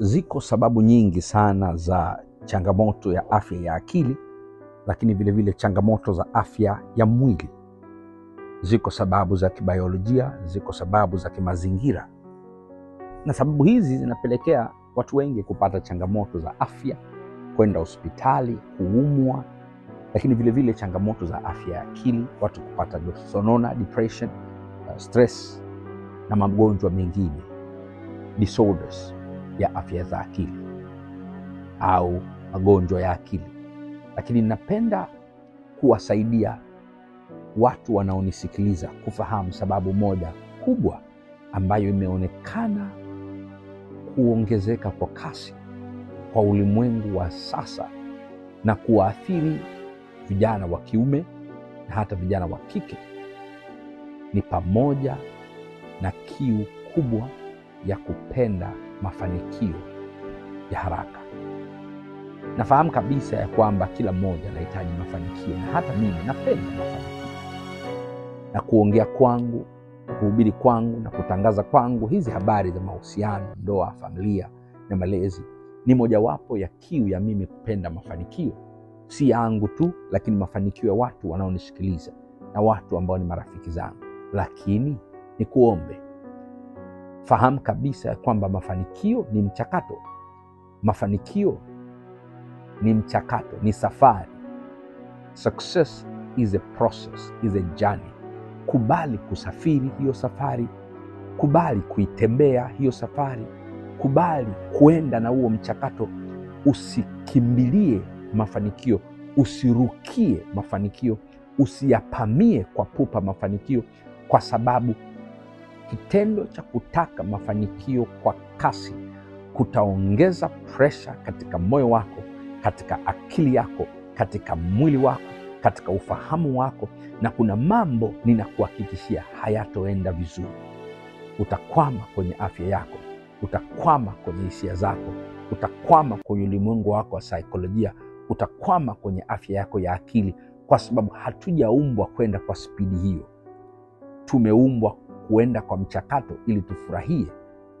Ziko sababu nyingi sana za changamoto ya afya ya akili, lakini vilevile vile changamoto za afya ya mwili. Ziko sababu za kibayolojia ziko sababu za kimazingira, na sababu hizi zinapelekea watu wengi kupata changamoto za afya, kwenda hospitali, kuumwa, lakini vilevile vile changamoto za afya ya akili, watu kupata sonona, depression, stress na magonjwa mengine disorders ya afya za akili au magonjwa ya akili, lakini ninapenda kuwasaidia watu wanaonisikiliza kufahamu sababu moja kubwa ambayo imeonekana kuongezeka kwa kasi kwa ulimwengu wa sasa na kuwaathiri vijana wa kiume na hata vijana wa kike ni pamoja na kiu kubwa ya kupenda mafanikio ya haraka. Nafahamu kabisa ya kwamba kila mmoja anahitaji mafanikio, na hata mimi napenda mafanikio, na kuongea kwangu, kuhubiri kwangu na kutangaza kwangu hizi habari za mahusiano, ndoa, familia na malezi ni mojawapo ya kiu ya mimi kupenda mafanikio, si yangu tu, lakini mafanikio ya watu wanaonisikiliza na watu ambao ni marafiki zangu. Lakini nikuombe fahamu kabisa ya kwamba mafanikio ni mchakato. Mafanikio ni mchakato, ni safari. Success is a process, is a journey. Kubali kusafiri hiyo safari, kubali kuitembea hiyo safari, kubali kuenda na huo mchakato. Usikimbilie mafanikio, usirukie mafanikio, usiyapamie kwa pupa mafanikio, kwa sababu Kitendo cha kutaka mafanikio kwa kasi kutaongeza presha katika moyo wako, katika akili yako, katika mwili wako, katika ufahamu wako, na kuna mambo ninakuhakikishia hayatoenda vizuri. Utakwama kwenye afya yako, utakwama kwenye hisia zako, utakwama kwenye ulimwengu wako wa saikolojia, utakwama kwenye afya yako ya akili, kwa sababu hatujaumbwa kwenda kwa spidi hiyo. Tumeumbwa kuenda kwa mchakato ili tufurahie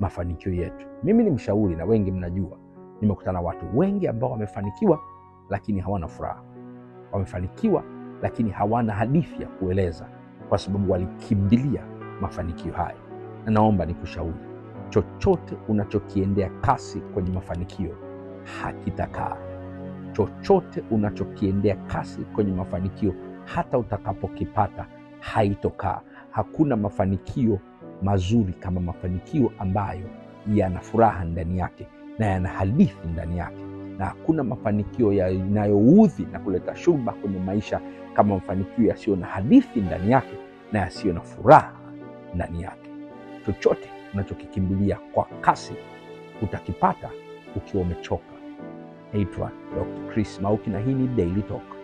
mafanikio yetu. Mimi ni mshauri na wengi mnajua, nimekutana watu wengi ambao wamefanikiwa lakini hawana furaha, wamefanikiwa lakini hawana hadithi ya kueleza, kwa sababu walikimbilia mafanikio hayo. Na naomba nikushauri, chochote unachokiendea kasi kwenye mafanikio hakitakaa. Chochote unachokiendea kasi kwenye mafanikio hata utakapokipata haitokaa hakuna mafanikio mazuri kama mafanikio ambayo yana furaha ndani yake na yana hadithi ndani yake, na hakuna mafanikio yanayoudhi na kuleta shuba kwenye maisha kama mafanikio yasiyo na hadithi ndani yake na yasiyo na furaha ndani yake. Chochote unachokikimbilia kwa kasi utakipata ukiwa umechoka. Naitwa Dr. Chris Mauki na hii ni Daily Talk.